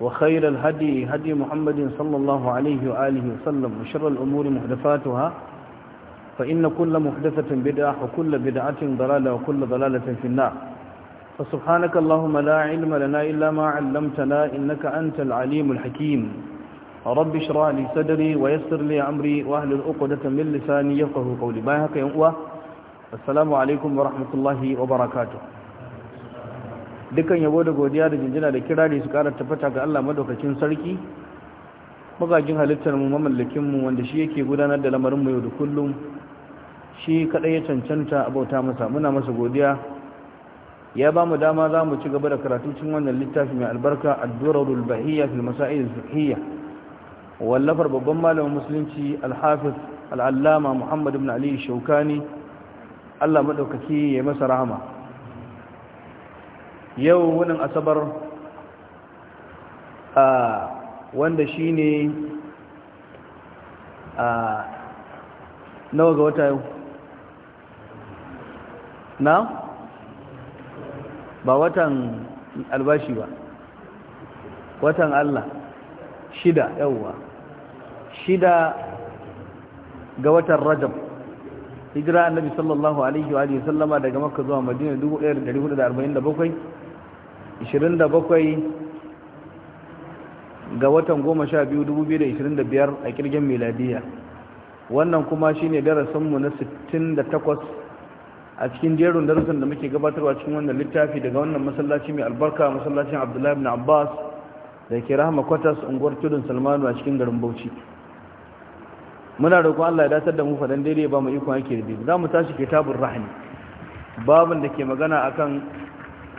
وخير الهدي هدي محمد صلى الله عليه وآله وسلم وشر الأمور محدثاتها فإن كل محدثة بدعة وكل بدعة ضلالة وكل ضلالة في النار فسبحانك اللهم لا علم لنا إلا ما علمتنا إنك أنت العليم الحكيم رب اشرح لي صدري ويسر لي أمري وأهل الأقدة من لساني يفقه قولي باهك يا السلام عليكم ورحمة الله وبركاته dukan yabo da godiya da jinjina da kirari su kara tafata ga Allah madaukakin sarki magajin halittar mu mamallakin mu wanda shi yake gudanar da lamarin mu yau da kullum shi kada ya cancanta abauta masa muna masa godiya ya ba mu dama za mu ci gaba da karatu cikin wannan littafin, mai albarka ad-durarul bahiyya fil masail fiqhiyya wallafar babban malamin musulunci al-hafiz al-allama Muhammad ibn Ali Shawkani Allah madaukaki ya masa rahama yau wunin asabar a wanda shi ne a nawa ga wata yau na ba watan albashi ba watan Allah shida yauwa shida ga watan rajab hijira annabi sallallahu alaihi wa sallama daga makka zuwa madina 1447 27 ga watan 12 2025 a kirgin miladiya wannan kuma shine darasinmu na 68 a cikin jerin darussan da muke gabatarwa cikin wannan littafi daga wannan masallaci mai albarka masallacin abdullahi ibn abbas da ke rahama kwatas unguwar tudun salmanu a cikin garin bauchi muna roƙon Allah ya datar da mu fadan daidai ba mu ikon yake da za mu tashi kitabun rahani babin da ke magana akan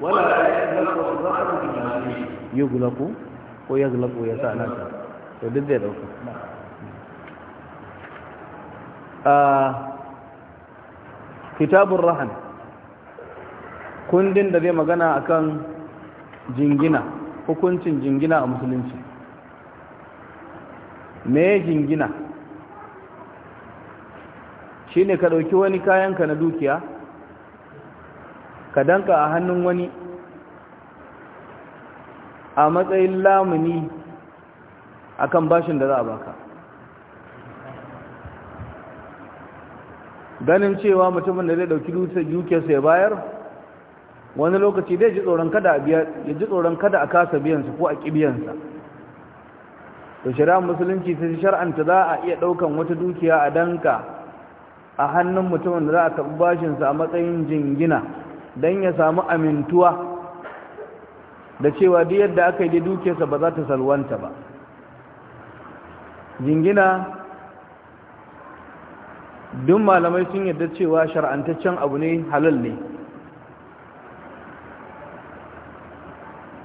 wala yughlaqu ko yaghlaqu ya sa nan to duk zai dauka kitabur rahan kundin da zai magana akan jingina hukuncin jingina a musulunci me jingina shine ka dauki wani kayanka na dukiya ka danka a hannun wani a matsayin lamuni a kan bashin da za a baka ganin cewa mutumin da zai dauki dukiyarsa ya bayar wani lokaci zai ji tsoron kada a kasa biyansa ko a kibiyansa to shari'ar musulunci ta shar'anta za a iya daukan wata dukiya a danka a hannun mutumin da za a karɓi bashinsa a matsayin jingina don ya samu amintuwa da cewa duk yadda aka yi dukiyarsa ba za ta salwanta ba jingina duk malamai sun yadda cewa shar'antaccen abu ne halal ne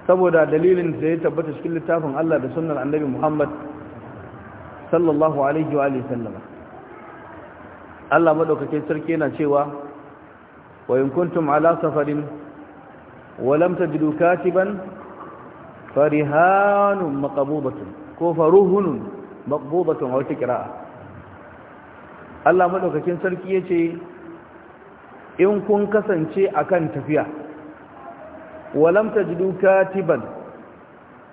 saboda dalilin da ya tabbata cikin littafin Allah da sunnar annabi Muhammad sallallahu alaihi wa sallama Allah madaukake sarki yana cewa وإن كنتم على سفر ولم تجدوا كاتبا فرهان مقبوضة كفرهن مقبوضة أو تكراء الله ملوك كن سلكي إن كن كسن شيء أكن تفيا ولم تجدوا كاتبا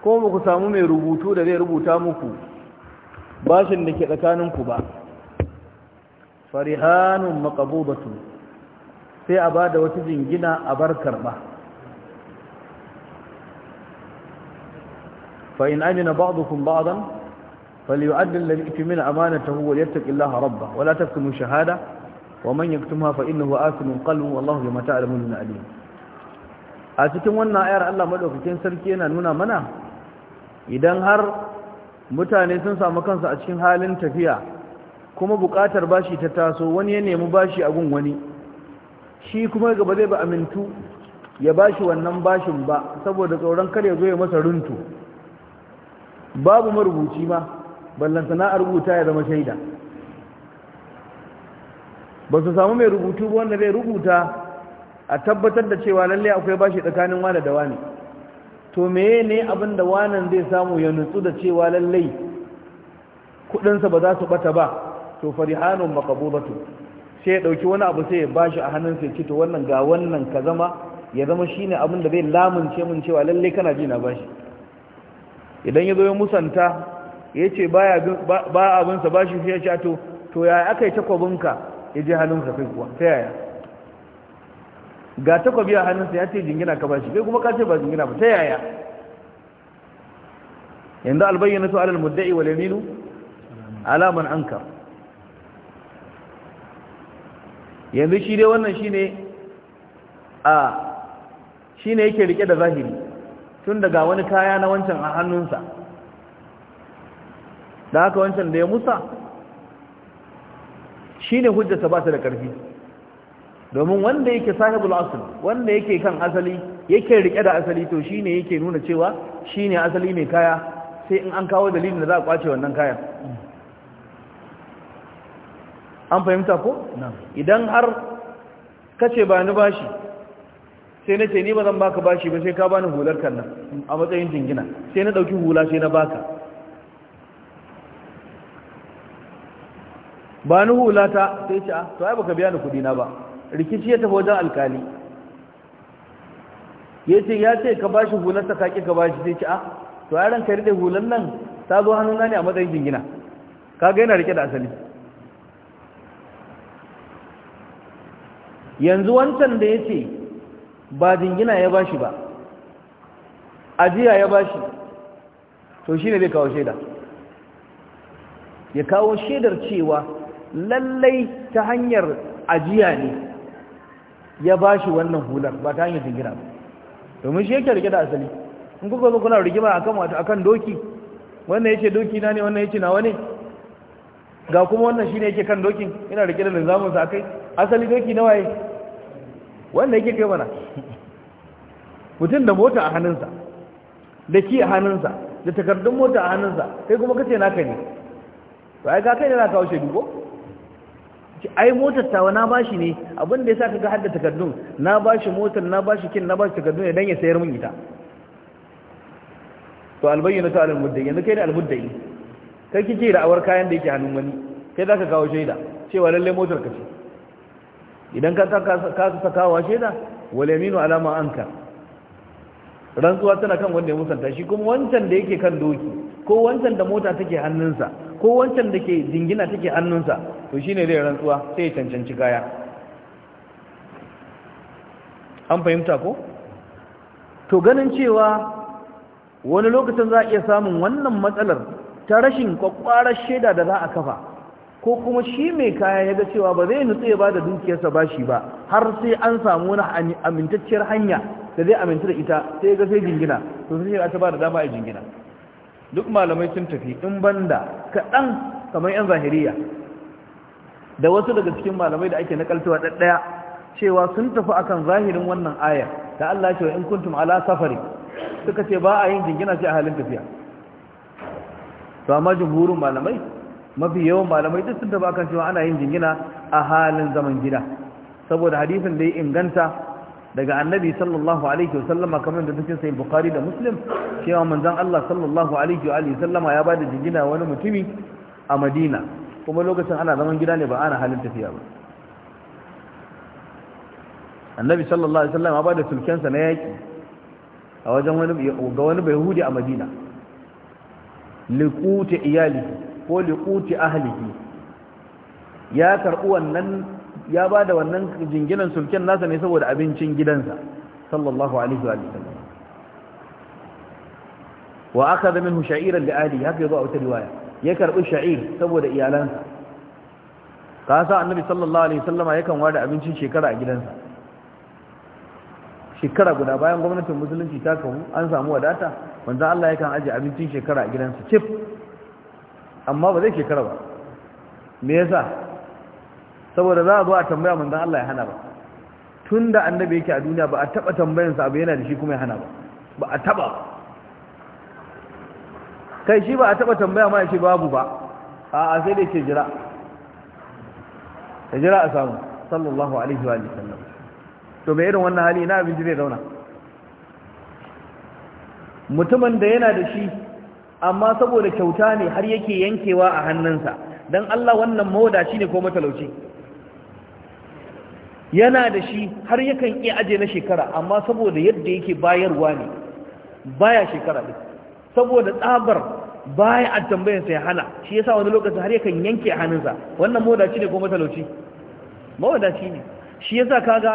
ko قسامو من ربوتو mai rubutu da zai rubuta muku bashin da ke sai a ba da wata jingina a bar karba fa in amina ba'dukum ba'dan falyu'addi alladhi itmina amanatahu wa yattaqillaha rabbah wa la taktumu shahada wa man yaktumha fa innahu asimun qalbu wallahu bima ta'maluna alim a cikin wannan ayar Allah madaukakin sarki yana nuna mana idan har mutane sun samu kansu a cikin halin tafiya kuma buƙatar bashi ta taso wani ya nemi bashi a gun wani shi kuma gaba zai ba amintu ya ba shi wannan bashin ba saboda tsoron kar ya zo ya masa runtu babu marubuci ma ballan sana'ar rubuta ya zama shaida ba su samu mai rubutu ba wanda zai rubuta a tabbatar da cewa lalle akwai bashi tsakanin wane da wane to meye ne abin da wanan zai samu ya nutsu da cewa lalle kudinsa ba za su bata ba to farihanun maqbulatu sai ya ɗauki wani abu sai ya bashi a hannun sai cito wannan ga wannan ka zama ya zama shine abin da zai lamunce mun cewa lallai kana ji na bashi idan ya zo ya musanta ya ce ba abinsa ba shi fiye shato to ya aka yi takwabinka ya je hannunsa kai kuwa ta yaya ga takwabi a hannunsa ya ce jingina ka ba shi kai kuma ka ce ba jingina ba ta yaya yanzu albayyana su alal muddai wal yaminu alaman ankar yanzu shi dai wannan ne a ne yake rike da zahiri tun daga wani kaya na wancan a hannunsa da haka wancan da ya musa ne hujjata ba ta da ƙarfi domin wanda yake sahibul asul wanda yake kan asali yake rike da asali to shi ne yake nuna cewa shi ne asali mai kaya sai in an kawo dalilin da za a kwace wannan kayan an fahimta ko idan har kace ba ni bashi sai na ce ni ba zan baka bashi ba sai ka bani hular kan nan a matsayin jingina sai na dauki hula sai na baka ba ni hula ta sai ce a ah, to ai baka biya ni kudi na ba rikici ya tafi wajen alkali ya ce ya ce ka bashi hular ta kaki ka bashi sai ce a ah, to ai ranka da hular nan ta zo hannuna ne a matsayin jingina kaga yana rike da asali yanzu wancan da ya ce ba jingina ya bashi ba ajiya ya bashi to shi ne zai kawo shaida ya kawo shaidar cewa lallai ta hanyar ajiya ne ya bashi wannan hular ba ta hanyar jingina ba domin shi yake rike da asali in kuka zo kuna rigima akan a kan doki wannan ya ce doki na ne wannan ya ce na wani? ga kuma wannan shi ne yake kan dokin ina rike da linzamin sa kai? asali doki na waye wanda yake kai mana mutum da mota a hannunsa da ki a hannunsa da takardun mota a hannunsa kai kuma kace naka ne to ai ga kai ne na kawo shaidu ko ai motar tawa na bashi ne abin da yasa kaga hadda takardun na bashi motar na bashi kin na bashi takardun ne ya sayar min ita to albayyana ta almuddai yanzu kai ne almuddai kai kike da awar kayan da yake hannun wani kai zaka kawo shaida cewa lalle motar ka ce idan ka saka kawo shaida wal yaminu ala anka rantsuwa tana kan wanda ya musanta shi kuma wancan da yake kan doki ko wancan da mota take hannunsa ko wancan da ke dingina take hannunsa to shine zai rantsuwa sai ya cancanci kaya an fahimta ko to ganin cewa wani lokacin za a iya samun wannan matsalar ta rashin kwakwarar shaida da za a kafa ko kuma shi mai kaya ya ga cewa ba zai nutse ba da dukiyarsa ba shi ba har sai an samu wani amintacciyar hanya da zai aminta da ita sai ya ga sai jingina to sai ya ta ba da dama a jingina duk malamai sun tafi in banda kaɗan kamar yan zahiriya da wasu daga cikin malamai da ake nakaltawa ɗaɗɗaya cewa sun tafi akan zahirin wannan ayar da Allah ya ce in kuntum ala safari suka ce ba a yin jingina sai a halin tafiya to amma jumhurin malamai mafi yawan malamai duk sun taba kan cewa ana yin jingina a halin zaman gida saboda hadisin da ya inganta daga annabi sallallahu alaihi wasallama kamar da cikin sai bukhari da muslim cewa manzon Allah sallallahu alaihi wa sallama ya bada jingina wani mutumi a madina kuma lokacin ana zaman gida ne ba ana halin tafiya ba annabi sallallahu alaihi wasallam ya bada sulkensa na yaki a wajen wani ga wani bai hudi a madina liquta iyalihi ko liquti ahlihi ya karɓi wannan ya ba da wannan jinginan sulken nasa ne saboda abincin gidansa sallallahu alaihi wa sallam wa akhadha minhu sha'iran li'ali haka yazo a wata riwaya ya karɓi sha'ir saboda iyalansa Kasa annabi sallallahu alaihi wasallama yakan ware abincin shekara a gidansa shekara guda bayan gwamnatin musulunci ta kawo an samu wadata manzo Allah yakan aje abincin shekara a gidansa cif amma ba zai shekara ba me yasa saboda za a zo a tambaya manzon Allah ya hana ba tunda annabi yake a duniya ba a taba tambayinsa abu yana da shi kuma ya hana ba ba a taba kai shi ba a taba tambaya ma ya ce babu ba a a sai dai ke jira ta jira a samu sallallahu alaihi wa sallam to mai irin wannan hali ina abinci zai zauna mutumin da yana da shi amma saboda kyauta ne har yake yankewa a hannunsa don Allah wannan mawada shi ne ko matalauci yana da shi har yakan iya aje na shekara amma saboda yadda yake bayarwa ne baya shekara saboda tsabar baya a tambayar sai hana shi yasa wani lokaci har yakan yanke a hannunsa wannan mawadaci ne ko matalauci mawadaci ne shi yasa kaga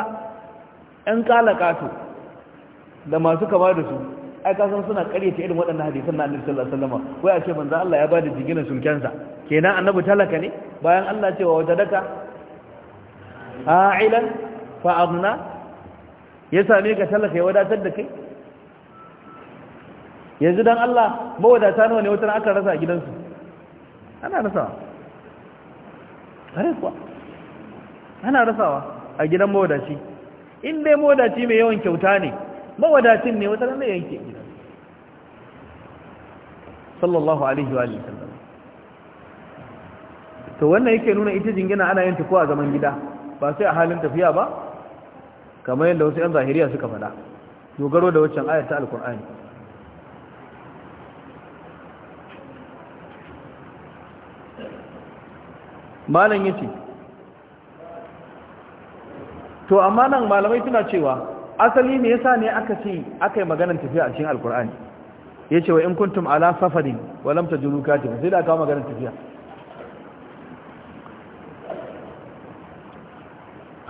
'yan kalakato da masu kama da su ai ka san suna karyata irin waɗannan hadisan na annabi sallallahu alaihi wasallam wai a ce manzo Allah ya bada jiginar sulkensa kenan annabi talaka ne bayan Allah cewa daka? a'ilan fa abna ya same ka talaka ya wadatar da kai yanzu dan Allah mawadata nawa ne wutar aka rasa a gidansu ana rasawa kare kuwa ana rasawa a gidan mawadaci in dai mawadaci mai yawan kyauta ne mawadacin ne wata ranar yanke gida sallallahu alaihi wa sallam to wannan yake nuna ita jingina ana yin tukuwa a zaman gida ba sai a halin tafiya ba kamar yadda wasu 'yan zahiriya suka faɗa dogaro da waccan ayat ta alkur'ani malam yace to amma nan malamai suna cewa asali me yasa ne aka ce aka yi maganar tafiya a cikin alkur'ani ya ce wa in kuntum ala safarin walamta ta juru katin sai da aka maganar tafiya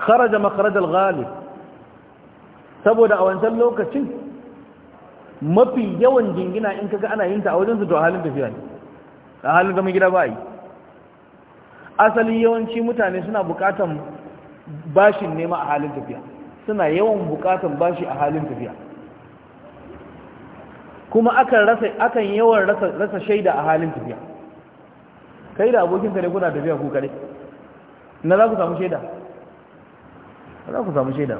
kharaja makharajal ghalib saboda a wancan lokacin mafi yawan jingina in kaga ana yin ta a wajen su to halin tafiya ne a halin zaman gida ba yi asali yawanci mutane suna bukatan bashin nema a halin tafiya suna yawan bukatan bashi a halin tafiya kuma akan rasa akan yawan rasa rasa shaida a halin tafiya kai da abokin ka ne kuna tafiya ku kare na za ku samu shaida za ku samu shaida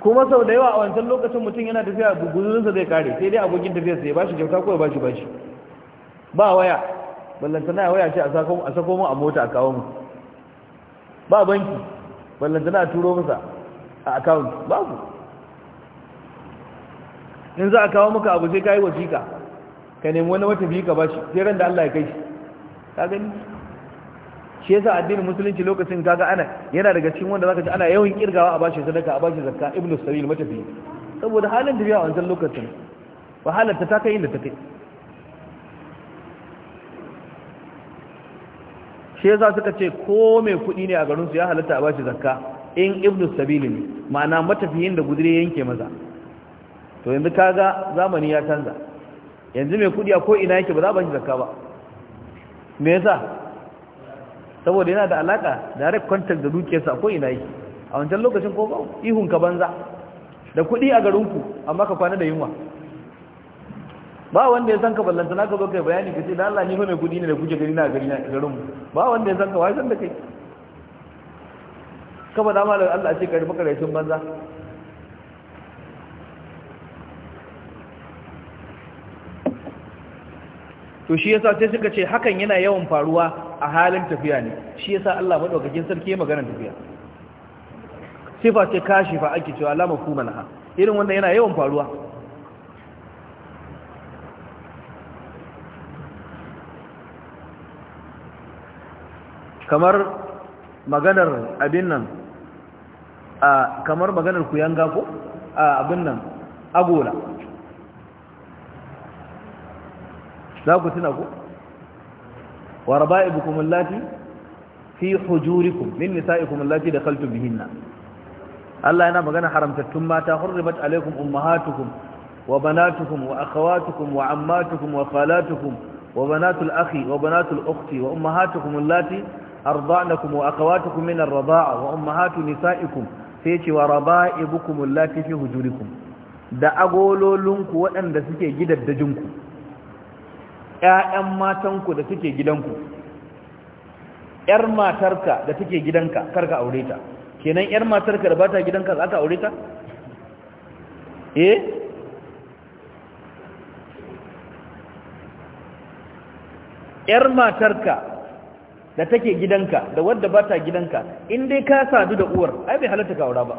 kuma sau da yawa a wancan lokacin mutum yana tafiya guzurinsa zai kare sai dai abokin tafiyarsa ya bashi kyauta ko bashi bashi ba waya ballantana ya waya ce a sako mu a mota a kawo mu ba banki ballantana a turo masa a account babu in za a kawo maka abu sai ka yi wasiƙa ka nemi wani wata biyu ka shi, sai ran da Allah ya kai shi ka gani shi yasa addinin musulunci lokacin kaga ana yana daga cikin wanda zaka ji ana yawan kirgawa a bashi sadaka a bashi zakka ibnu sabil matafi saboda halin da biya wancan lokacin wahalar ta ta kai inda ta kai shi yasa suka ce ko mai kuɗi ne a garin su ya halatta a bashi zakka in ibnu sabili ne ma'ana matafiyin da gudure yanke maza to yanzu kaga zamani ya canza yanzu mai kuɗi a ko ina yake ba za a bashi zakka ba me yasa saboda yana da alaka direct contact da dukiyarsa ko ina yake a wancan lokacin ko ba ihun ka banza da kuɗi a garinku amma ka kwana da yunwa ba wanda ya san ka ballanta naka zo kai bayani kace da Allah ni fa mai kudi ne da kuke gari na gari na garin ba wanda ya san ka wai san da kai ka ba da malam Allah ce karfi karatun banza to shi yasa sai suka ce hakan yana yawan faruwa a halin tafiya ne shi yasa Allah madaukakin sarki maganar tafiya sifa ce kashifa ake cewa alama kuma ha irin wannan yana yawan faruwa kamar maganar abin nan a kamar maganar kuyanga ko a abin nan agola za ku tuna ku wa raba'ibukum allati fi hujurikum min nisa'ikum allati dakhaltu bihinna Allah yana magana haramtattun mata hurribat alaikum ummahatukum wa banatukum wa akhawatukum wa ammatukum wa khalatukum wa banatul akhi wa banatul ukhti wa ummahatukum allati أرضعنكم wa من nisa'ikum sai نسائكم wa raba'ibukum allati fi hujurikum da agololunku waɗanda suke gidaddajinku ƴaƴan matanku da suke gidanku ƴar matarka da take gidanka karka aure ta kenan ƴar matarka da bata gidanka za ka aure ta eh ‘yar matarka da take gidanka da wadda ba ta gidanka in dai ka sadu da uwar ai bai halatta ka aura ba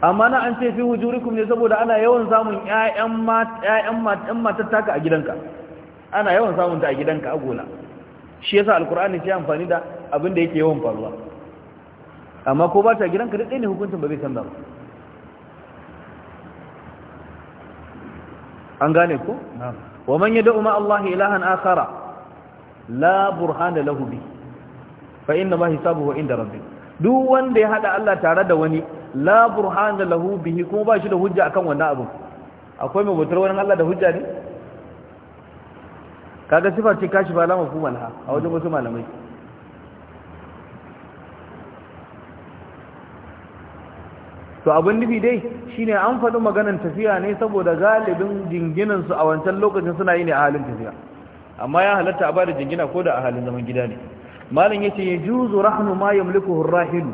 amma na an ce fi hujurikum ne saboda ana yawan samun ƴaƴan matar taka a gidanka ana yawan samun ta a gidanka a gona shi yasa alkur'ani sai amfani da abin da yake yawan faruwa amma ko ba ta gidanka da ne hukuncin ba zai canza ba an gane ko wa man yad'u ma Allah ilahan akhara la burhana lahu bi fa inna ma hisabuhu inda rabbi duk wanda ya hada Allah tare da wani la burhana lahu bihi kuma ba shi da hujja akan wannan abu akwai mai mutar wani Allah da hujja ne kaga sifar ce kashi ba lamu kuma laha a wajen wasu malamai to abin nufi dai shine an faɗi maganar tafiya ne saboda galibin jinginansu a wancan lokacin suna yi ne a halin tafiya amma ya halatta a bada jingina ko da a halin zaman gida ne malam ya yajuzu rahnu ma yamlikuhu ar-rahilu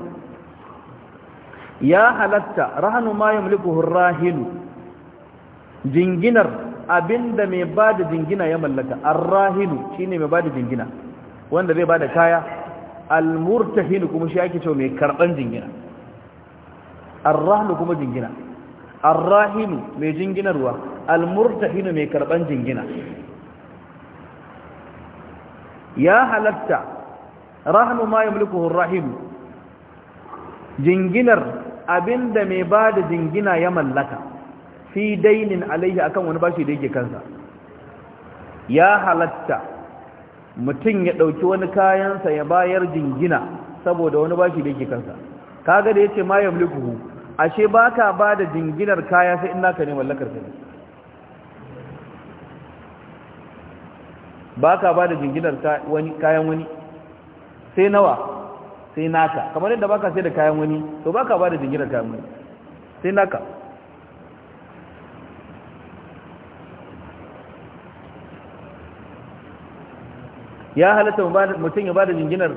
ya halatta rahnu ma yamlikuhu ar-rahilu jinginar abinda mai bada jingina ya mallaka arrahilu rahilu shine mai bada jingina wanda zai bada kaya almurtahilu kuma shi ake cewa mai karban jingina arrahilu kuma jingina arrahilu mai jinginarwa al mai karban jingina ya halatta rahmu ma yamlikuhu rahim jinginar abinda mai ba da jingina ya mallaka fi dainin alaihi akan wani bashi da yake kansa ya halatta mutum ya ɗauki wani kayansa ya bayar jingina saboda wani bashi da yake kansa kaga da yace ma yamlikuhu ashe baka ba da jinginar kaya sai in naka ne mallakar ka ne ba ka ba da jinginar kayan wani sai nawa sai naka kamar yadda ba ka sai da kayan wani to ba ka ba da jinginar kayan wani sai naka ya halatta mutum ya ba da jinginar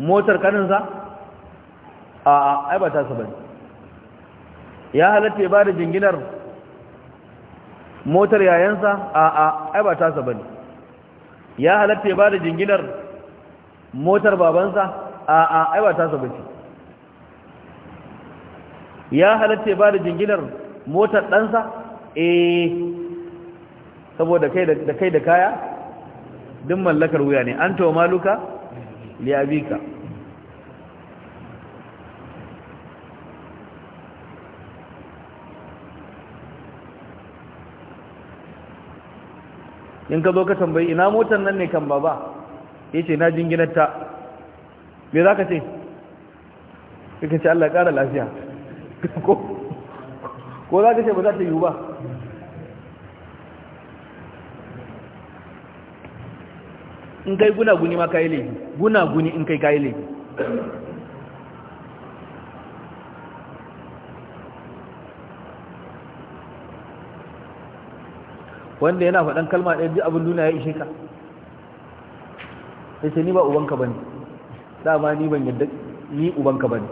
motar kaninsa a ai ba ta su bane ya halatta ya ba da jinginar motar yayansa a aibata ai ba ta su bane ya halatta ya bada jinginar motar babansa a a aiwata sa bace ya halatta ya bada jinginar motar ɗansa eh saboda kai da kai da kaya duk mallakar wuya ne an tawa maluka li abika in ka zo ka tambayi ina motar nan ne kan baba ya ce na jinginarta me za ka ce ka ce Allah ƙara lafiya ko za ka ce ba za ta yiwu ba in kai guna guni ma kayi laifi guna guni in kai kayi laifi wanda yana faɗan kalma ɗaya duk abin duniya ya ishe ka sai sai ni ba ubanka ne dama ni ban yadda ni ubanka ne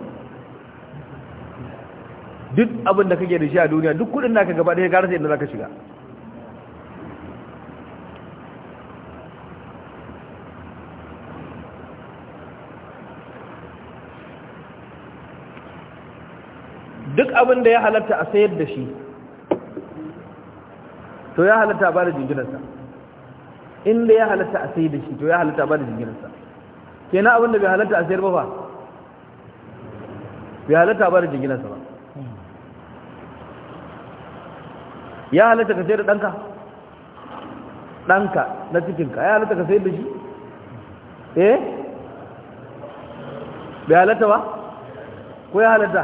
duk abin da kake da shi a duniya duk kudin naka gaba ɗaya gara sai inda zaka shiga duk abin da ya halatta a sayar da shi to ya halatta ba da jinginarsa inda ya halatta a sai da shi to ya halatta ba da jinginarsa kenan abinda bai halatta a sayar ba ba bai halatta ba da jinginarsa ba ya halatta ka sayar da ɗanka ɗanka na cikinka ya halatta ka sayar da shi eh bai halatta ba ko ya halatta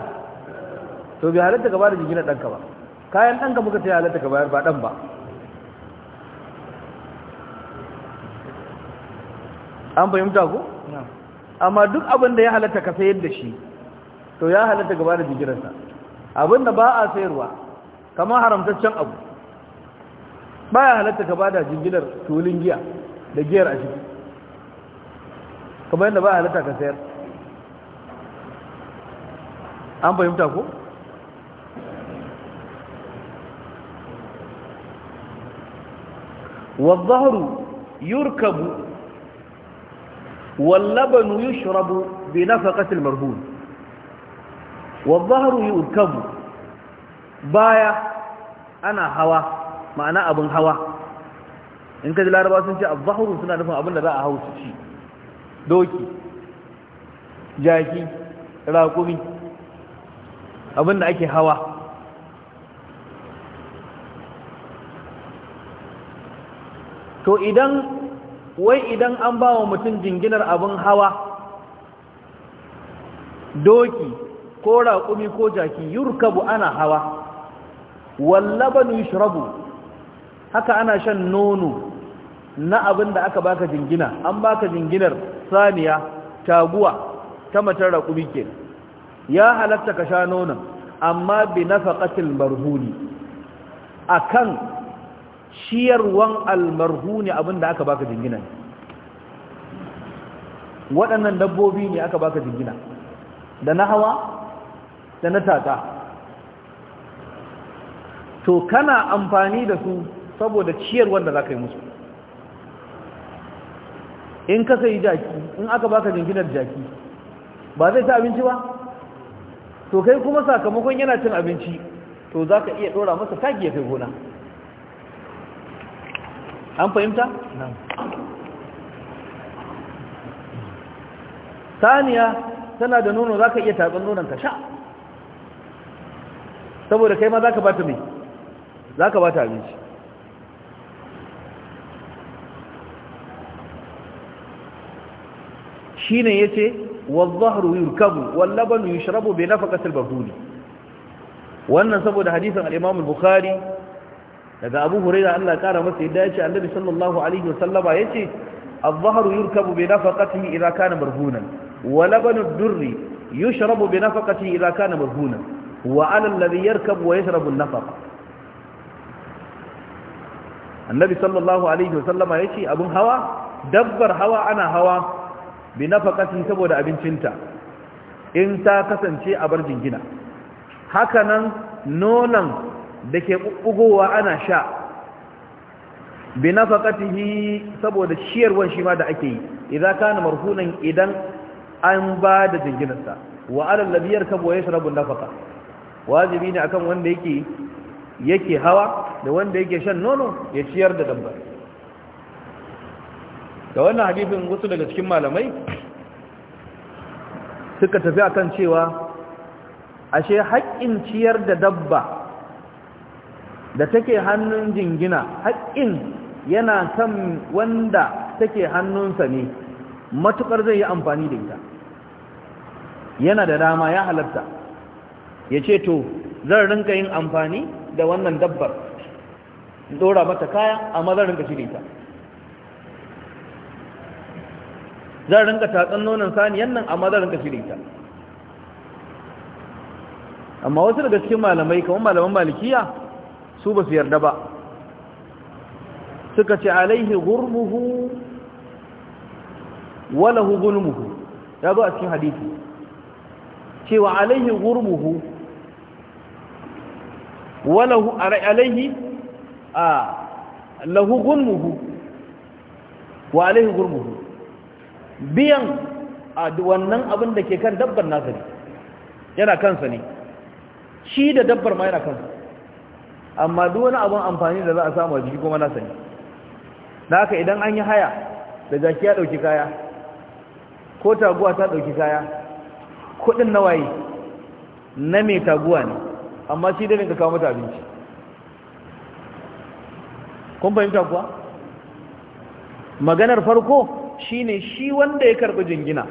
to bai halatta ka ba da jinginar ɗanka ba kayan ɗanka muka ta yi halatta ka bayar ba ɗan ba an fahimta ko amma duk abin da ya halatta ka sayar da shi to ya halatta gaba da jigirarsa abin da ba a sayarwa kamar haramtaccen abu ba ya halatta ka ba da jigilar tulin giya da giyar a ciki kamar yadda ba a halatta ka sayar an fahimta ko? والظهر yurkabu واللبن يشرب بنفقة المرهون والظهر يركب Baya ana hawa, ma'ana abin hawa. in ka ji laraba sun ce abzaharu suna nufin abin da za a hau su ci doki jaki rakumi abin da ake hawa to idan wai idan an ba wa mutum jinginar abin hawa doki ko raƙumi ko jaki yurkabu ana hawa wallabanu yushrabu haka ana shan nono na abin da aka baka jingina an baka jinginar saniya taguwa ta matar raƙumi ke ya halatta ka sha nonon amma bi nafaqatil marhuli akan ciyarwan almarhu ne abin da aka baka jingina waɗannan dabbobi ne aka baka jingina da na hawa da na tata to kana amfani da su saboda ciyarwan da za ka yi musu in ka sayi jaki in aka baka jinginar jaki ba zai ta abinci ba to kai kuma sakamakon yana cin abinci to za ka iya ɗora masa taki ya kai gona an fahimta? saniya tana da nono za ka iya tatsan nonon ka sha saboda kai ma za ka bata mai za ka bata abinci shi ne ya ce wazzahru yurkabu yi shirabu bai babu ne wannan saboda hadisan al'imamun bukhari daga abu huraira Allah kara masa yadda ya ce annabi sallallahu alaihi wasallama ya ce الظهر يركب بنفقته إذا كان مرهونا ولبن الدر يشرب بنفقته إذا كان مرهونا وعلى الذي يركب ويشرب النفقه annabi sallallahu alaihi wasallama ya ce abin hawa dabbar hawa ana hawa bi nafakati saboda ta in ta kasance a bar jingina nan nonon da ke ɓuɓɓugowa ana sha bi nafaqatihi saboda shiyarwan shi ma da ake yi idan ka na marhunan idan an ba da jinginarsa wa alal ladhi yarkabu yashrabu nafaqa wajibi ne akan wanda yake yake hawa da wanda yake shan nono ya ciyar da dabba da wannan hadisin wasu daga cikin malamai suka tafi akan cewa ashe haƙƙin ciyar da dabba da take hannun jingina haƙƙin yana kan wanda take hannunsa ne Matuƙar zai yi amfani da ita yana da dama ya halarta ya ce to zan rinka yin amfani da wannan dabbar dora mata kaya amma zan rinka shi da ita zan rinka tatsan nonon saniyan nan amma zan rinka shi da ita amma wasu daga cikin malamai kamar malaman malikiya su ba su yarda ba suka ce alaihi gurmuhu walahu gulmuhu ya zo a cikin hadisi cewa alaihi wala hu alaihi a lahu gulmuhu wa alaihi gurbuhu biyan a wannan abin da ke kan dabbar nasari yana kansa ne shi da dabbar ma yana kansa amma duk wani abun amfani da za a samu a jiki kuma na sani na haka idan an yi haya da jaki ya ɗauki kaya ko taguwa ta ɗauki kaya kuɗin na waye na mai taguwa ne amma shi dai ka kawo mata abinci kun fahimta kuwa maganar farko shi ne shi wanda ya karɓi jingina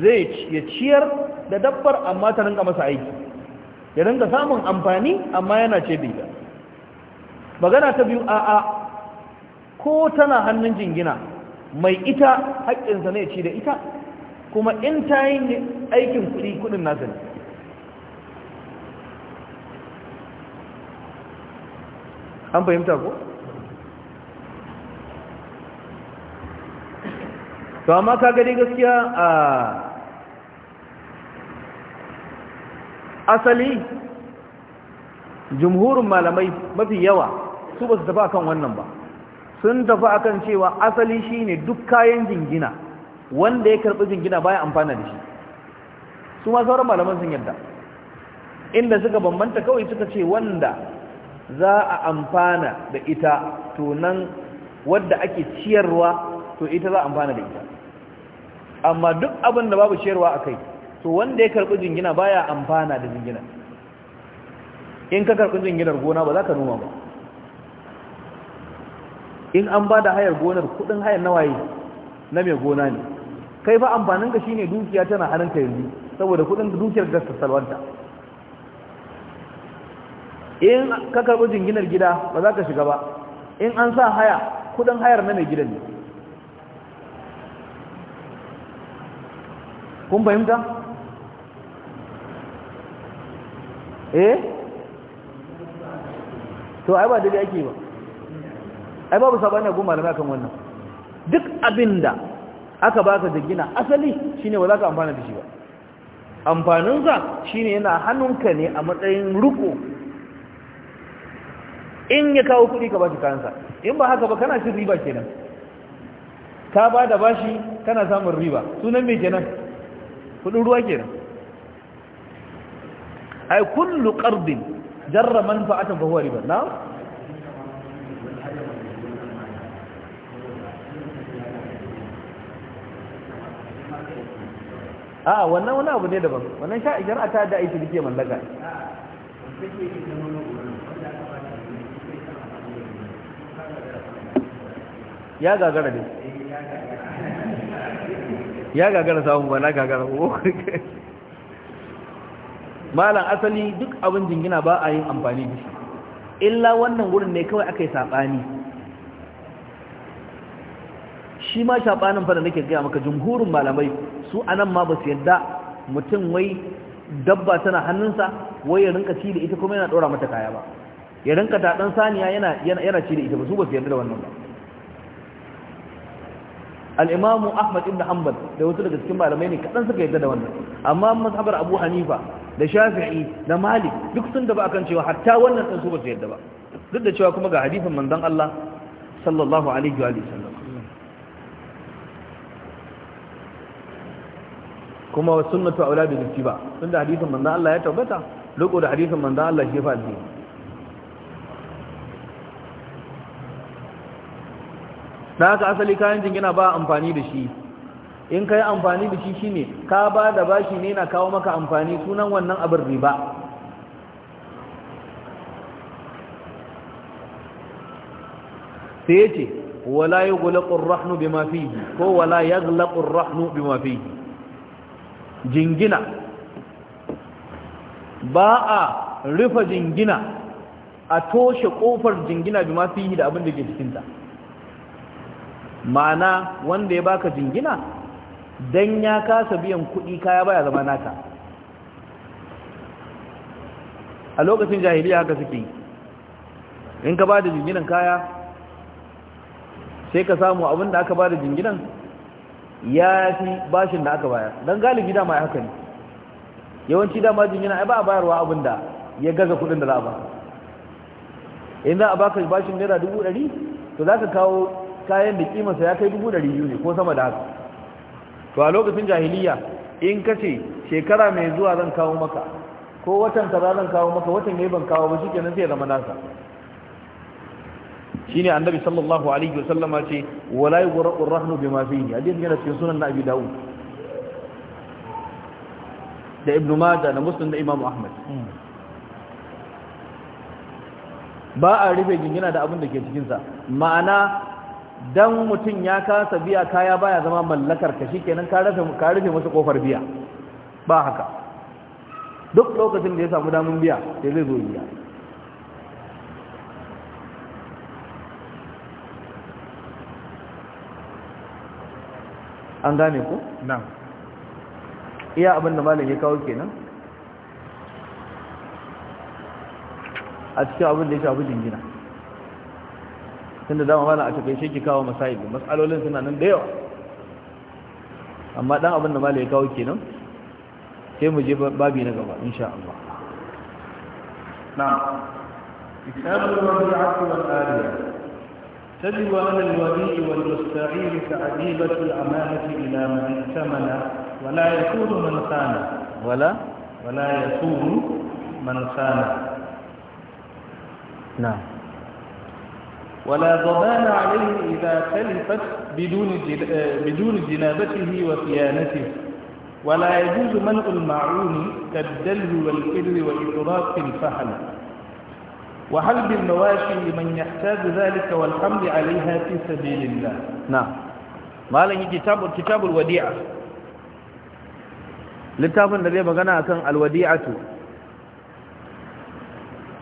zai ya ciyar da dabbar amma ta rinka masa aiki ya danga samun amfani amma yana ce bai magana ta biyu a'a ko tana hannun jingina mai ita haƙƙinsa ne ci da ita kuma in ta yi aikin kuɗi kuɗin nasa ne an fahimta ko? to amma ka gari gaskiya a asali jumhurin malamai mafi yawa su ba su tafi akan wannan ba sun tafi akan cewa asali shine duk kayan jingina wanda ya karɓi jingina bayan amfana da shi su ma sauran malaman sun yadda inda suka bambanta kawai suka ce wanda za a amfana da ita to wadda ake ciyarwa to ita za a amfana da ita amma duk abin da babu ciyarwa a kai to wanda ya karɓi jingina baya amfana da jingina in ka karɓi jinginar gona ba za ka noma ba in an ba da hayar gonar kudin hayar nawaye na mai gona ne kai fa amfaninka shine dukiya tana hannunka yanzu saboda kudin dukiyar gasta salwanta in ka karɓi jinginar gida ba za ka shiga ba in an sa haya kudin hayar na mai gidan ne kun fahimta eh to ai ba daidai ake ba ai babu sabani goma malamai akan wannan duk abinda aka baka da gina asali shine ba za ka amfana da shi ba sa shine yana hannunka ne a matsayin ruko in ya kawo kuɗi ka bashi kayansa in ba haka ba kana cin riba kenan ka ba da bashi kana samun riba sunan mai kenan kudin ruwa kenan ai kullu qardin jarra manfa'atan fa huwa riba na? a wannan wani abu ne daban wannan sha shari'a ta da aiki dake mallaka ya gagara ne ya gagara sabon ba na gagara ko malam asali duk abin jingina ba a yin amfani da shi illa wannan wurin ne kawai aka yi saɓani shi ma saɓanin fara nake gaya maka jumhurin malamai su anan ma ba su yadda mutum wai dabba tana hannunsa wai ya rinka ci da ita kuma yana ɗora mata kaya ba ya rinka taɗan saniya yana ci da ita ba su ba su yadda da wannan ba al'imamu ahmad ibn hanbal da wasu daga cikin malamai ne kaɗan suka yadda da wannan amma mazhabar abu hanifa da shafi'i da malik duk sun daba akan cewa hatta wannan sun su ba su yadda ba duk da cewa kuma ga hadisin manzon Allah sallallahu alaihi wa sallam kuma sunnatu aula bi ba tunda hadisin manzon Allah ya tabbata loko da hadisin manzon Allah shi fa alheri da haka asali kayan jingina ba amfani da shi in ka yi amfani da shi shine ka ba da bashi ne na kawo maka amfani sunan wannan abin riba sai ce wala yi gulaƙun rahnu bi mafihi ko wala ya gulaƙun rahnu bi mafihi jingina ba a rufe jingina a toshe ƙofar jingina bi mafihi da abin da ke cikinta ma'ana wanda ya baka jingina dan ya kasa biyan kuɗi kaya baya zama naka a lokacin jahiliya haka suke in ka ba da jinginan kaya sai ka samu abin da aka ba da jinginan ya fi bashin da aka bayar don galibi dama ya haka ne yawanci dama jingina ai ba a bayarwa abin da ya gaza kudin da za a ba in za a baka bashin naira dubu dari to za ka kawo kayan da kimansa ya kai dubu ɗari biyu ne ko sama da haka to a lokacin jahiliya in ka ce shekara mai zuwa zan kawo maka ko watan kaza zan kawo maka watan ne ban kawo ba shikenan sai ya zama nasa shine annabi sallallahu alaihi ya ce wala yughraqu ar-rahnu bima fihi hadith yana cikin sunan na daud da ibnu majah da muslim da imam ahmad ba a rufe gingina da abin da ke cikinsa ma'ana dan mutum ya kasa biya kaya baya zama mallakar ka shikenan ka rufe ka rufe masa kofar biya ba haka duk lokacin da ya samu damun biya sai zai zo biya an gane ku? nan. iya abin da malam ya kawo kenan a cikin abin da ya shafi jingina da dama mana a tafi shi ki kawo masayib matsalolin suna nan da yawa amma dan abin da malai ya kawo kenan sai mu je babi na gaba insha Allah na'am kitabul wadi'atu wal aliya تجب على الولي والمستعير تعذيبة الأمانة إلى من ائتمن ولا يكون من خان ولا ولا يكون من خان نعم ولا ضمان عليه إذا تلفت بدون آه، بدون جنابته وصيانته ولا يجوز منع المعون كالدلو والكر وإطراق الفحل وحلب النواشي لمن يحتاج ذلك والحمل عليها في سبيل الله نعم ما لن كتاب كتاب الوديعة لتاب النبي zai magana الوديعة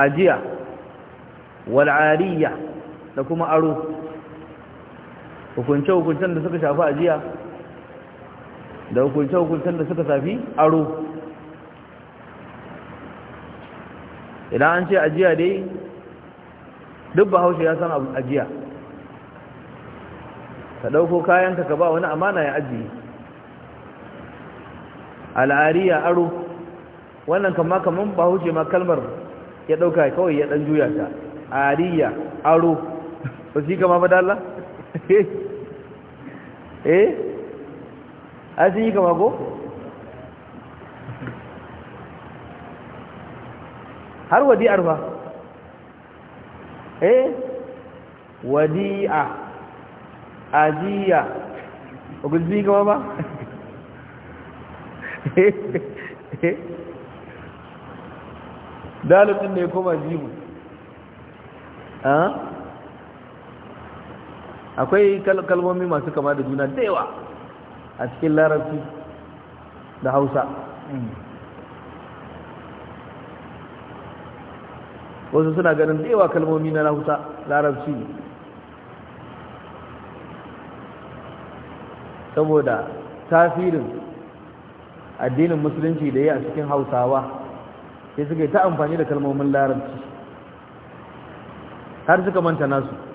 أجيع والعارية da kuma aro hukunce-hukuncen da suka shafi ajiya da hukunce-hukuncen da suka shafi aro idan an ce ajiya dai duk bahaushe ya san ajiya ka ɗauko kayanka ka ba wani amana ya ajiye al'ariya aro wannan kama kaman bahaushe ma kalmar ya ɗauka kawai ya ɗan juya ta ariya aro ba su yi ba da Allah eh a sun yi kama ko har wadi'ar ba eh wadi'a ajiya ba ku yi kama ba eh? eh? dalilin ne kuma jimu ah? akwai kalmomi masu kama da juna da yawa a cikin larabci da hausa wasu suna ganin da yawa kalmomi na hausa larabci saboda tasirin addinin musulunci da ya a cikin hausawa sai suka yi ta amfani da kalmomin larabci har suka manta nasu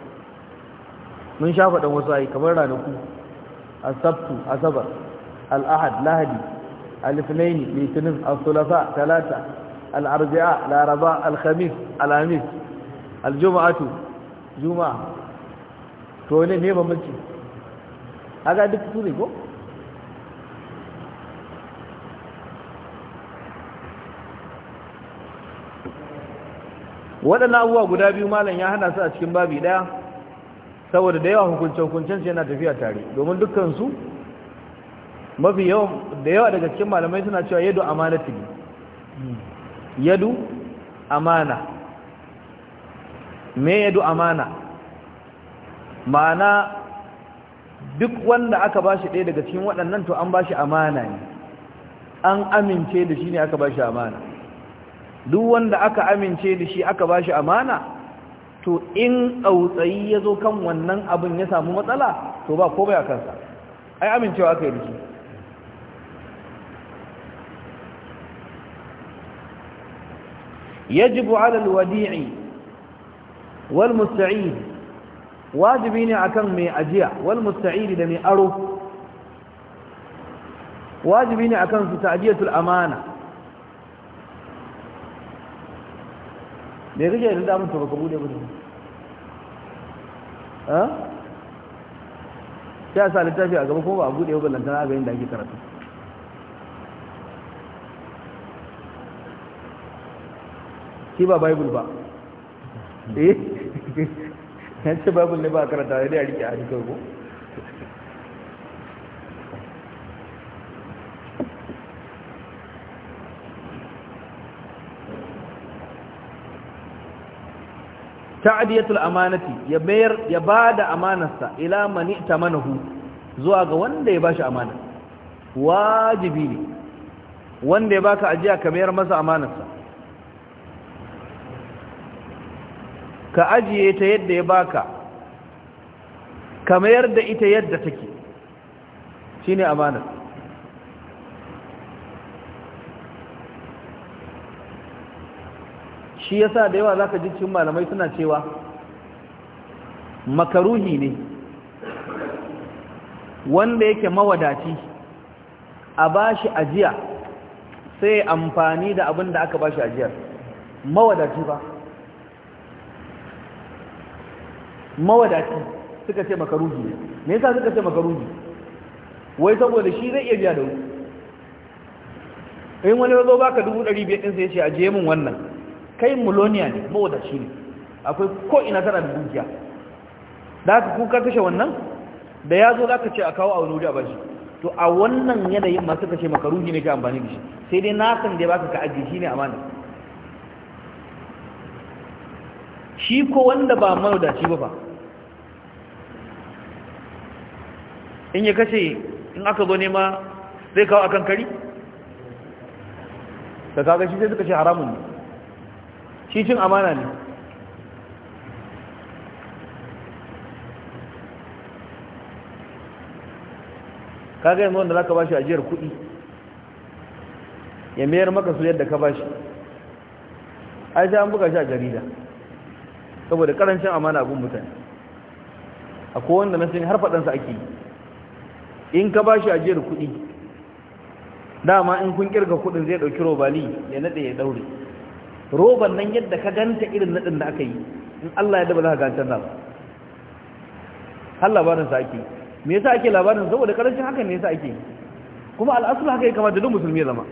mun sha faɗin wasu ayi kamar ranaku asabtu asabar al'ahad lahadi alifnaini litinin asulasa talata al'arbi'a laraba alhamis alhamis aljuma'atu juma'a to ne ne bambanci aga duk su ne ko waɗannan abubuwa guda biyu malam ya hana su a cikin babi ɗaya saboda da yawa hukunce-hukuncen yana tafiya tare domin dukkansu mafi da yawa daga cikin malamai suna cewa yadu amana amanati yadu amana me yadu amana ma'ana duk wanda aka bashi ɗaya daga cikin waɗannan to an bashi amana ne an amince da shi ne aka bashi amana duk wanda aka amince da shi aka bashi amana to in autsayi ya zo kan wannan abin ya samu matsala to ba ko baya kansa ai amincewa aka yi da shi yajibu ala alwadi'i wal wajibi ne akan mai ajiya wal da mai aro wajibi ne akan su ta'diyatul amana me kake da damun to baka bude ba ha sai sa littafi a gaba kuma ba a bude ba lantana ga da ake karatu shi ba bible ba eh kan ce bible ne ba karanta dai a rike a rike ko ta'diyatul amanati ya bayar ya bada amanarsa ila mani tamanahu zuwa ga wanda ya bashi amana wajibi ne wanda ya baka ajiya ka bayar masa amanarsa ka ajiye ta yadda ya baka ka mayar da ita yadda take shine amanar shi yasa da yawa zaka ji cikin malamai suna cewa makaruhi ne wanda yake mawadaci a bashi ajiya sai amfani da abin da aka bashi ajiyar mawadaci ba mawadaci suka ce makaruhi ne me yasa suka ce makaruhi wai saboda shi zai iya biya da wuri in wani zo baka 500 din sai ya ce ajiye min wannan kai muloniya ne mawadaci ne akwai ko ina tana da dukiya da haka kuka kashe wannan da ya zo za ka ce a kawo a wani wuri a bashi to a wannan yanayin masu kashe makaruhi ne ke amfani da shi sai dai nasan da ya baka ka ajiye shi ne a mana shi ko wanda ba mawadaci ba fa in ya kashe in aka zo nema zai kawo akan kari da kaga shi sai suka shi haramun ne shi cin amana ne kaga yanzu wanda za zaka bashi ajiyar kuɗi ya mayar maka su yadda ka bashi ai sai an buga shi a jarida saboda karancin amana gun mutane A wanda na sani har faɗansa ake yi in ka bashi ajiyar kuɗi dama in kun kirga kuɗin zai ɗauki robali ya naɗe ya ɗaure roban nan yadda ka ganta irin nadin da aka yi in Allah ya daba za ka ganta na ba har labarin sa ake me yasa ake labarin saboda karancin haka ne yasa ake kuma al'asul haka ya kamata duk musulmi ya zama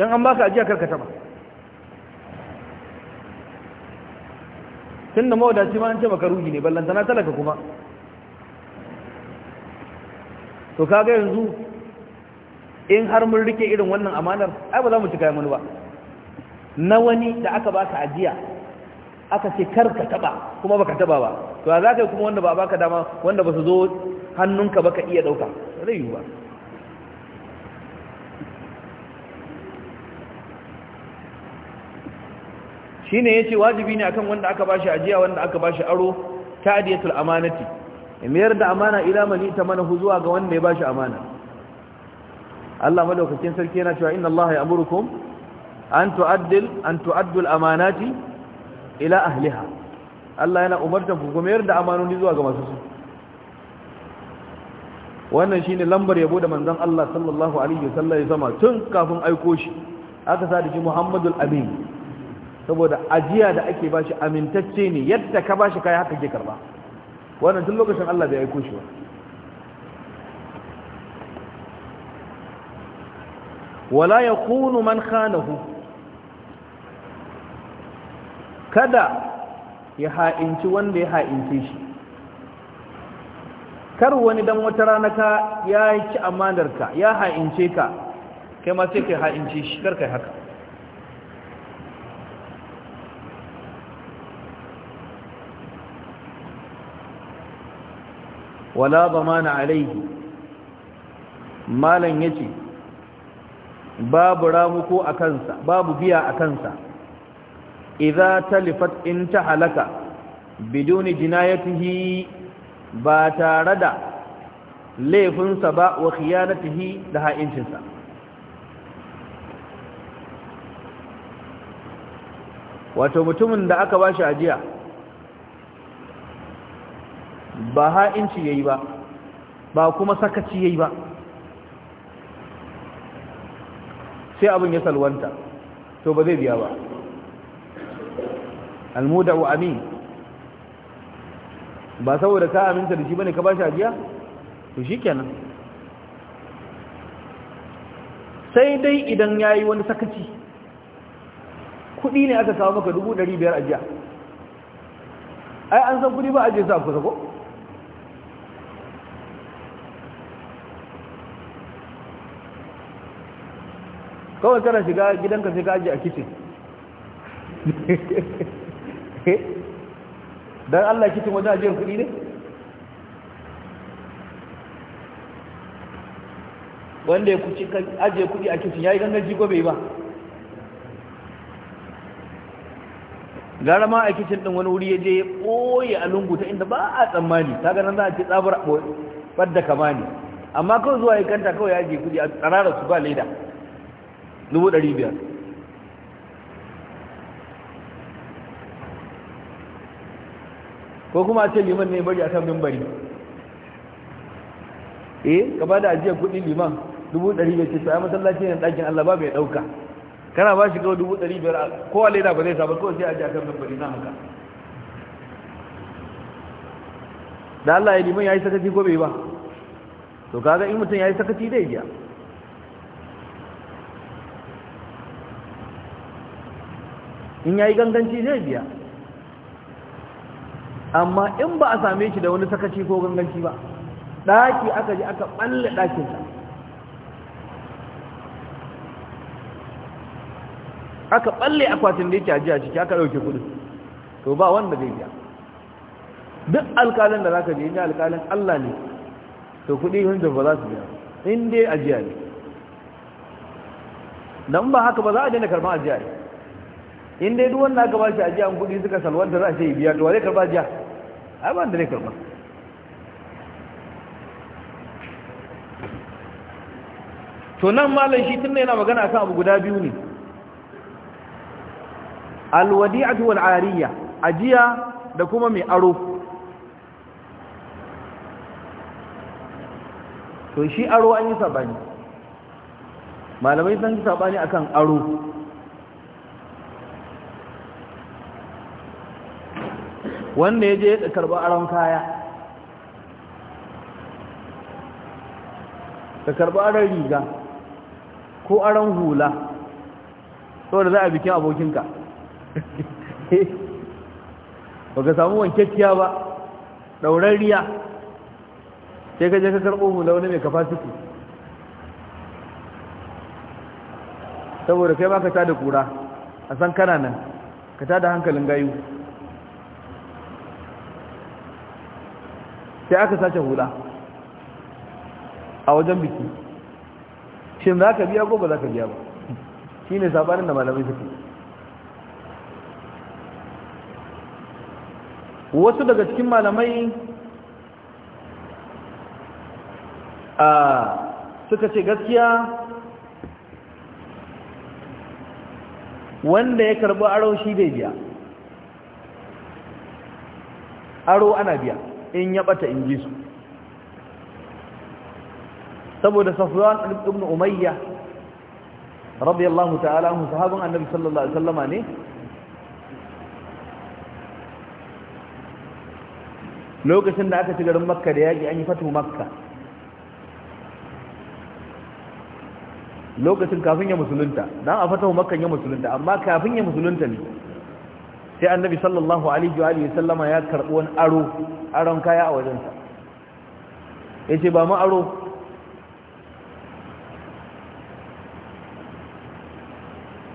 dan an baka ajiya karkata ba tunda mawadaci ma an ce makaruhi ne ballantana talaka kuma to kaga yanzu in har mun rike irin wannan amanar ai ba za mu ci kayan wani ba na wani da aka baka ajiya aka ce kar ka taba kuma baka taba ba to za ka yi kuma wanda ba baka dama wanda ba su zo hannunka baka iya dauka zai yi ba shine yace wajibi ne akan wanda aka bashi ajiya wanda aka bashi aro ta'diyatul amanati mayar da amana ila mali ta mana zuwa ga wanda ya bashi amana Allah madaukakin sarki yana cewa inna Allah ya'murukum an tu'addil an tu'addul amanati ila ahliha Allah yana umartan ku da yarda amanoni zuwa ga masu su wannan shine lambar yabo da manzon Allah sallallahu alaihi wasallam ya zama tun kafin aiko shi aka sa da shi Muhammadul Amin saboda ajiya da ake bashi amintacce ne yadda ka bashi kai haka ke karba wannan tun lokacin Allah bai aiko shi ba wala ya kunu man khanahu kada ya ha'inci wanda ya ha'ince shi kar wani dan wata rana ka ya ci amanarka ya ha'ince ka kai ma sai kai ha'ince shi kar kai haka wala zamana alaihi malan yace babu ramuko a kansa babu biya a kansa idza talifat in ta halaka biduni jinayatihi ba tare da laifinsa ba wa khiyanatihi da ha'incinsa wato mutumin da aka bashi ajiya ba ha'inci yayi ba ba kuma sakaci yayi ba sai abin ya salwanta to ba zai biya ba almuda wa amin ba saboda ka aminta da shi bane ka bashi ajiya to shikenan sai dai idan yayi wani sakaci kudi ne aka kawo maka 500 ajiya ai an san kudi ba ajiye sa ku ko kawai kana shiga gidanka sai ka ajiye a kicin don allah kicin wajen ajiyar kudi ne wanda ya kuci ajiye kudi a kicin ya yi gangan jiko bai ba gara ma a kicin ɗin wani wuri ya je ya ɓoye a lungu ta inda ba a tsammani ta ganin za a ce tsabar da kama ne amma kawai zuwa ya kanta kawai ya je kudi a tsarara su ba leda dubu biyar ko kuma ce liman ne bari a kan mimbari eh ka ba da ajiyar kuɗi liman dubu biyar ce sai masallaci ne ɗakin Allah ba mai ɗauka kana ba shi kawai dubu a biyar kowa leda ba zai sa ba kawai sai a kan mimbari na haka da Allah ya liman ya yi sakaci ko bai ba to kaga in mutum ya yi sakaci dai biya in yayi ganganci zai biya amma in ba a same shi da wani sakaci ko ganganci ba daki aka ji aka balle dakin sa aka balle akwatin da yake ajiya ciki aka dauke kudin to ba wanda zai biya duk alƙalin da zaka biya ina alƙalin Allah ne to kudi da ba za su biya in dai ajiya ne dan ba haka ba za a daina karban ajiya ne in dai duk wanda aka ba shi ajiyan kuɗi suka salwanta za a ce biya to wa zai karba ajiya ai ba da zai karba to nan malam shi tun yana magana akan abu guda biyu ne alwadi'atu wal ariya ajiya da kuma mai aro to shi aro an yi sabani malamai sun yi sabani akan aro wanda ya je ya karba aron kaya ka karba aron riga ko aron hula saboda za a bikin abokinka ba ka samu wankekkiya ba riya sai ka je ka karɓo hula wani mai kafasiti saboda kai ba ka da kura a san kana nan ka da hankalin gayu sai aka sace hula a wajen biki shin za ka biya ko ba za ka biya ba shi ne sabanin da malamai suke wasu daga cikin malamai suka ce gaskiya wanda ya karbi aro shi bai biya aro ana biya in ya bata in ji su saboda safwan ibn umayya radiyallahu ta'ala anhu sahabban annabi sallallahu alaihi wasallama ne lokacin da aka ci garin makka da yaƙi an yi fatu makka lokacin kafin ya musulunta dan a fatu makka ya musulunta amma kafin ya musulunta ne sai annabi sallallahu alaihi wa sallama ya karɓi wani aro aron kaya a wajensa ya ce ba mu aro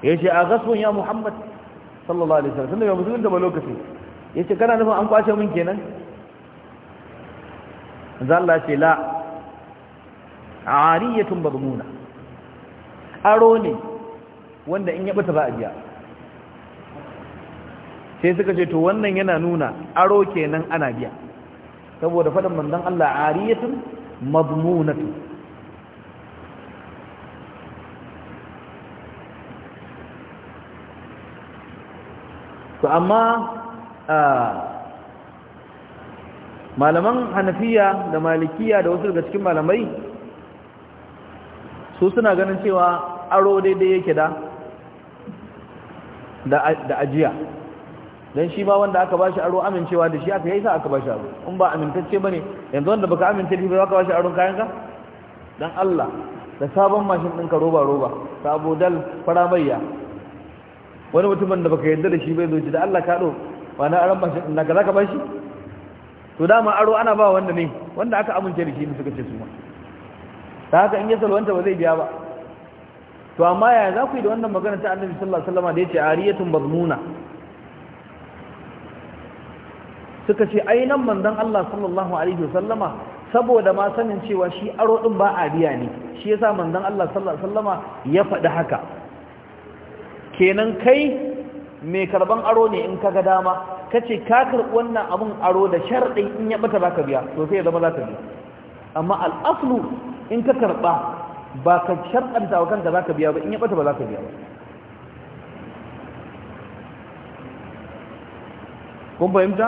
ya ce a gasfon ya muhammad sallallahu alaihi wasallam tunda ya musulun da ba lokaci ya ce kana nufin an kwace min kenan zalla ce la ariyatun bazmuna aro ne wanda in ya bata za a biya sai suka ce to wannan yana nuna aro kenan ana biya saboda faɗin manzon Allah ariyatun madmunatu to amma malaman hanafiya da malikiya da wasu daga cikin malamai su suna ganin cewa aro daidai yake da da ajiya dan shi ba wanda aka bashi aro amincewa da shi aka yi sa aka bashi aro in ba amintacce bane yanzu wanda baka amince da shi ba ka bashi aron kayan ka dan Allah da sabon mashin ɗinka roba roba sabo dal bayya wani mutumin da baka yarda da shi bai zo da Allah ka do ba na aron mashin ɗin ka zaka bashi to dama aro ana ba wanda ne wanda aka amince da shi ne suka ce su ma ta haka in ya salwanta ba zai biya ba to amma yaya za ku yi da wannan magana ta annabi sallallahu alaihi wasallam da yace ariyatun mazmuna suka ce ai nan manzon Allah sallallahu alaihi wasallama saboda ma sanin cewa shi aro ɗin ba a biya ne shi yasa manzon Allah sallallahu alaihi wasallama ya faɗi haka kenan kai mai karban aro ne in kaga dama ka ce ka karɓi wannan abun aro da sharɗin in ya bata baka biya to sai ya zama ka biya amma al in ka karɓa ba ka sharɗanta wa kanka ka biya ba in ya ɓata ba za ka biya ba kun fahimta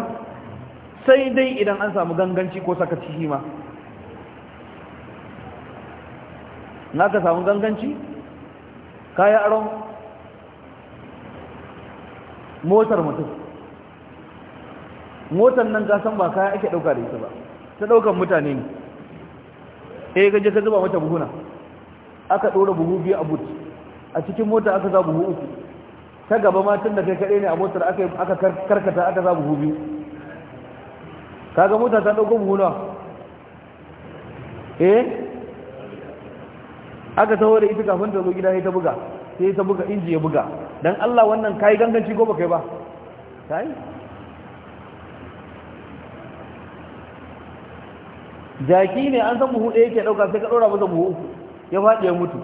sai dai idan an samu ganganci ko sakaci shi ma na ka samu ganganci kayan aron motar mutum motar nan ka san ba kaya ake ɗauka da ita ba ta ɗaukan mutane ne eh gaje ka zuba mata buhuna aka ɗora buhu biyu a but a cikin mota aka za buhu uku ta gaba matan da kai kaɗai ne a motar aka karkata aka za buhu biyu kaga mota ta dauko buhuna? nawa eh aka taho da ita kafin ta zo gida sai ta buga sai ta buga inji ya buga dan Allah wannan kai ganganci ko baka yi ba kai jaki ne an san buhu ɗaya yake ɗauka sai ka ɗora masa buhu uku ya faɗi ya mutu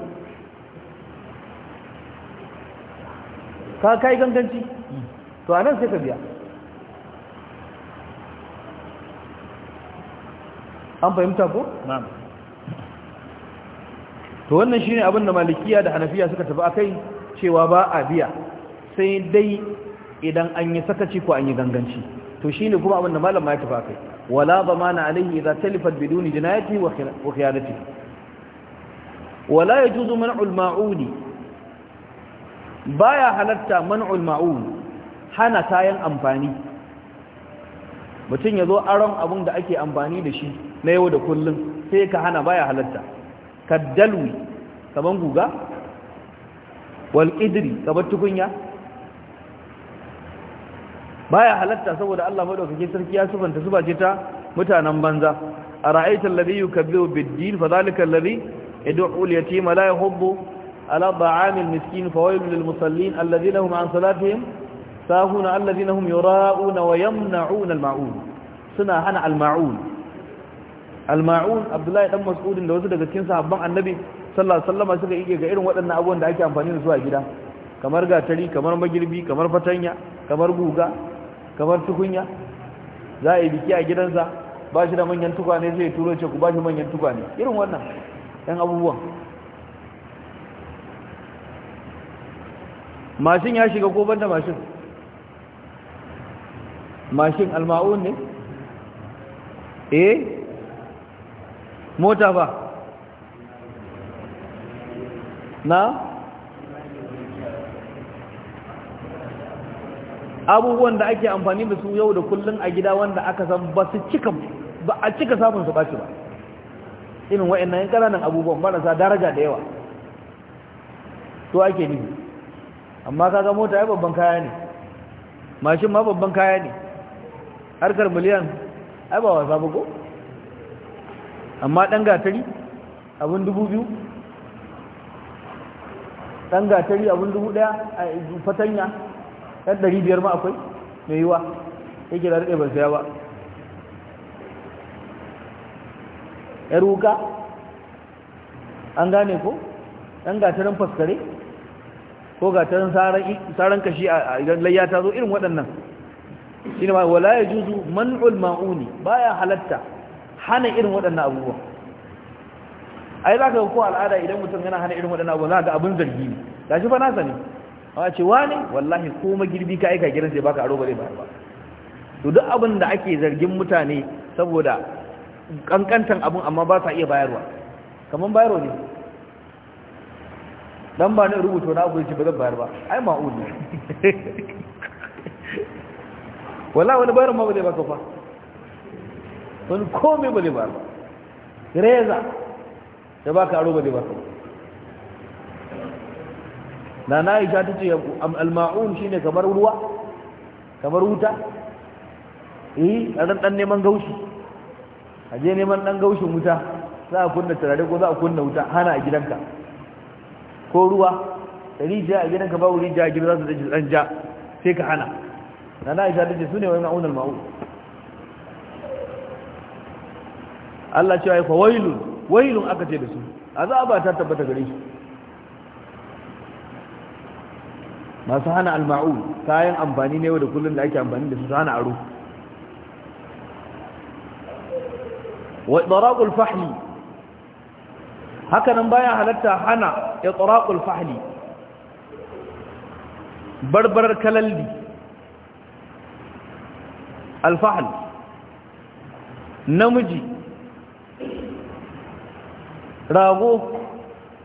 ka kai ganganci to anan sai ka biya an fahimta ko Na'am. to wannan shine abin da malikiya da hanafiya suka tafi akai cewa ba a biya sai dai idan an yi sakaci ko an yi ganganci to shi ne kuma abin da malam ya tafi akai wala ba zamana alaihi za talifat biduni jinayati wa khiyanati wala yajuzu man'u al-ma'udi baya halatta man'u al-ma'ud hana kayan amfani mutum ya zo aron abin da ake amfani da shi na yau da kullum sai ka hana baya halatta dalwi kaman guga wal idri kaman tukunya baya halatta saboda Allah madaukakin sarki ya sufanta suba ce ta mutanen banza ara'aita alladhi yukazzibu bid-din fadhalika alladhi yad'u al miskin fawailul lil musallin hum an sahuna hum yura'una wa yamna'una al-ma'un suna hana al-ma'un alma'un abdullahi dan mas'udin da wasu daga cikin sahabban annabi sallallahu alaihi wasallam suka yi ga irin waɗannan abubuwan da ake amfani da su a gida kamar gatari kamar magirbi kamar fatanya kamar guga kamar tukunya za a yi biki a gidansa ba shi da manyan tukwane sai ya turo ce ku ba shi manyan tukwane irin wannan ɗan abubuwan mashin ya shiga ko banda mashin mashin alma'un ne eh mota ba na abubuwan da ake amfani da su yau da kullun a gida wanda aka san ba su cika ba a cika samun su baci ba irin yin ƙananan abubuwan ba sa daraja da yawa to ake nufi amma kaga mota ya babban kaya ne mashin ma babban kaya ne harkar miliyan ai ba wasa ba ko amma ɗan gatari abin dubu biyu ɗan gatari abin dubu ɗaya a fatanya ɗan ɗari biyar ma akwai mai yiwa yake da riƙe ban saya ba ɗan wuka an gane ko ɗan gatarin faskare ko gatarin saran kashi a idan layya ta zo irin waɗannan shi ne ma wala ya juzu man'ul ma'uni ba ya halatta hana irin waɗannan abubuwa ai za ka ga ko al'ada idan mutum yana hana irin waɗannan abubuwa za ga abin zargi ne da shi fa na sani a ce wani wallahi ko magirbi ka aika gidan sai baka aro ba zai bayar ba to duk abin da ake zargin mutane saboda kankantan abin amma ba sa iya bayarwa kaman bayarwa ne dan ba ne rubuta na gurbi ba zan bayar ba ai ma'udi wallahi wani bayarwa ma ba zai baka fa wani komai ba ne ba ba reza da ba ka aro ba ne ba na na aisha shata ce al-ma'un ne kamar ruwa kamar wuta eh, a ran ɗan neman gaushi A je neman ɗan gaushin wuta za a kunna turare ko za a kunna wuta hana a gidanka ko ruwa da rijiya a gidanka babu rijiya a gidan za su dan ja sai ka hana na na aisha shata ce ne wani ma'un maun Allah cewa ya fa wailun wailun aka ce da su azaba ta tabbata gare su masu hana alma'ul kayan amfani ne da kullum da ake amfani da su hana aro wa fahli haka nan bayan halatta hana itraqul fahli barbarar kalalli alfahal namiji rago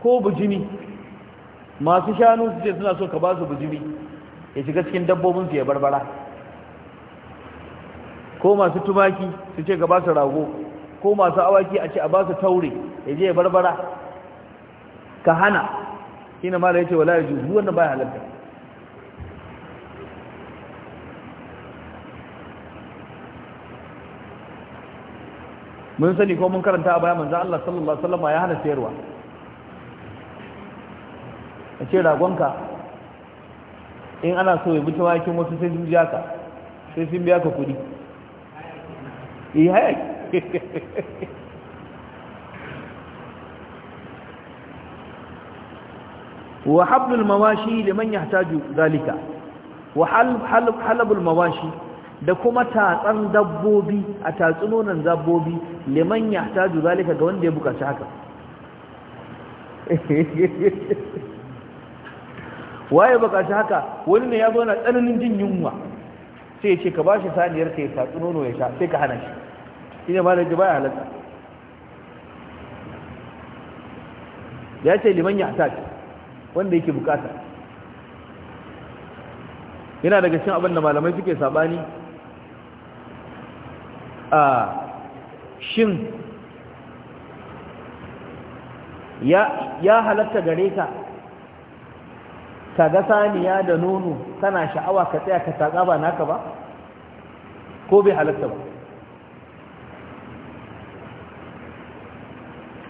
ko bujimi masu shanu su ce suna so ka ba su bujimi ya shiga cikin su ya barbara ko masu tumaki su ce ka ba su rago ko masu awaki a ce a ba su taure ya je ya barbara ka hana ina mala ya ce wala ya juzu wannan baya halatta mun sani ko mun karanta a baya manzan Allah sallallahu alaihi wasallam ya hana sayarwa a ce ragonka in ana so ya buta wakin wasu sai sun biya ka sai sun biya ka kudi eh hayaki wa hablul mawashi liman yahtaju zalika wa halabul mawashi da kuma tatsan dabbobi a tatsunonin dabbobi liman ya taju zalika ga wanda ya bukaci haka waye bukaci haka wani ne ya zo na tsananin jin yunwa sai ya ce ka bashi saniyar ka ya tatsunono ya sha sai ka hana shi shine ma da ji baya halatta ya ce liman ya taju wanda yake bukata yana daga cin abin da malamai suke sabani a shin ya halatta gare ka ka ga saniya da nono kana sha'awa ka tsaya ka taƙa ba naka ba ko bai halatta ba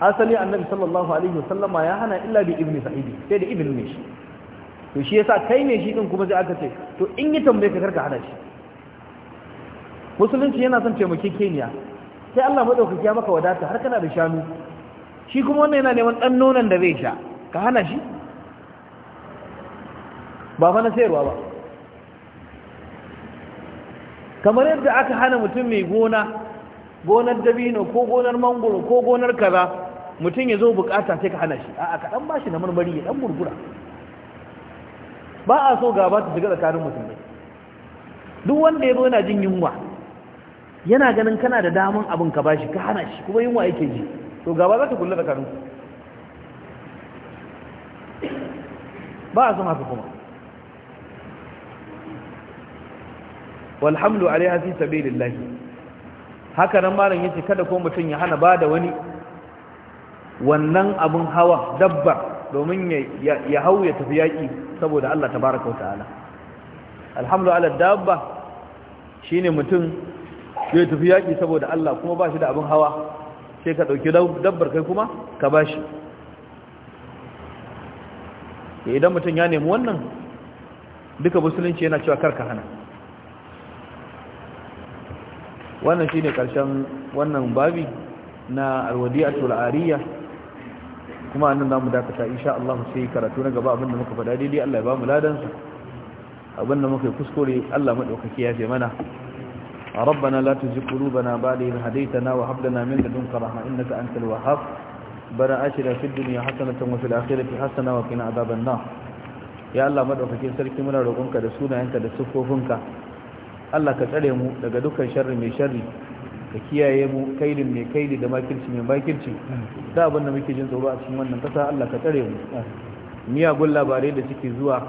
asali annabi sallallahu alaihi wasallama ya hana illa bi ibni sa'idi sai da ibn mishi to shi yasa kai ne shi din kuma sai aka ce to in yi tambaye ka karka hada shi musulunci yana son keniya sai Allah maɗaukaki ya maka wadata har kana da shanu shi kuma wannan yana neman ɗan nonon da zai sha ka hana shi ba fa na sayarwa ba kamar yadda aka hana mutum mai gona gonar dabino ko gonar mangoro ko gonar kaza mutum ya zo bukata sai ka hana shi a'a ka dan bashi na marmari ya dan gurgura ba a so gaba ta shiga tsakanin mutum duk wanda ya zo yana jin yunwa yana ganin kana da daman abin ka bashi ka hana shi kuma yunwa yake ji to gaba za ta kulle tsakanin ba a son haka kuma walhamdu hafi sabi lillahi. haka nan malam yace kada ko mutum ya hana ba da wani wannan abin hawa dabba domin ya hau ya tafi yaƙi saboda Allah Ta baraka wa ta'ala alhamdu ala dabba shine mutum ya tafi yaƙi saboda Allah kuma ba shi da abin hawa sai ka ɗauki dabbar kai kuma ka ba shi idan mutum ya nemi wannan duka musulunci yana cewa karka hana wannan shi ne ƙarshen wannan babi na a tulariya kuma annan za mu dakata insha Allah sai karatu na gaba abinda muka faɗa daidai Allah ya ba mu ladansa abinda muka yi kuskure Allah maɗaukaki ya ce mana ربنا لا تزغ قلوبنا بعد إذ هديتنا وهب لنا من لدنك رحمة إنك أنت الوهاب بنا آتنا في الدنيا حسنة وفي الآخرة حسنة وقنا عذاب النار يا الله مدعوكين سركي منا roƙonka da sunayenka da siffofinka Allah ka tsare mu daga dukkan sharri mai sharri ka kiyaye mu kailin mai kaili da makirci mai makirci da abin da muke jin tsoro a cikin wannan kasa Allah ka tsare mu miyagun labarai da suke zuwa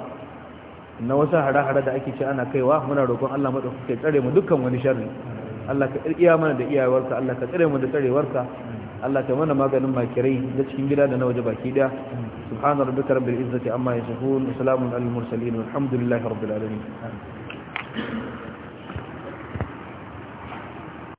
na wasu hada-hada da ake ce ana kaiwa muna roƙon Allah mu ɗauki tsare mu dukkan wani sharri Allah ka iya mana da iyawarka Allah ka tsare mu da tsarewarka Allah ta mana maganin makirai da cikin gida da na waje baki daya subhana rabbika rabbil izzati amma yasifun wa salamun alal mursalin walhamdulillahi rabbil alamin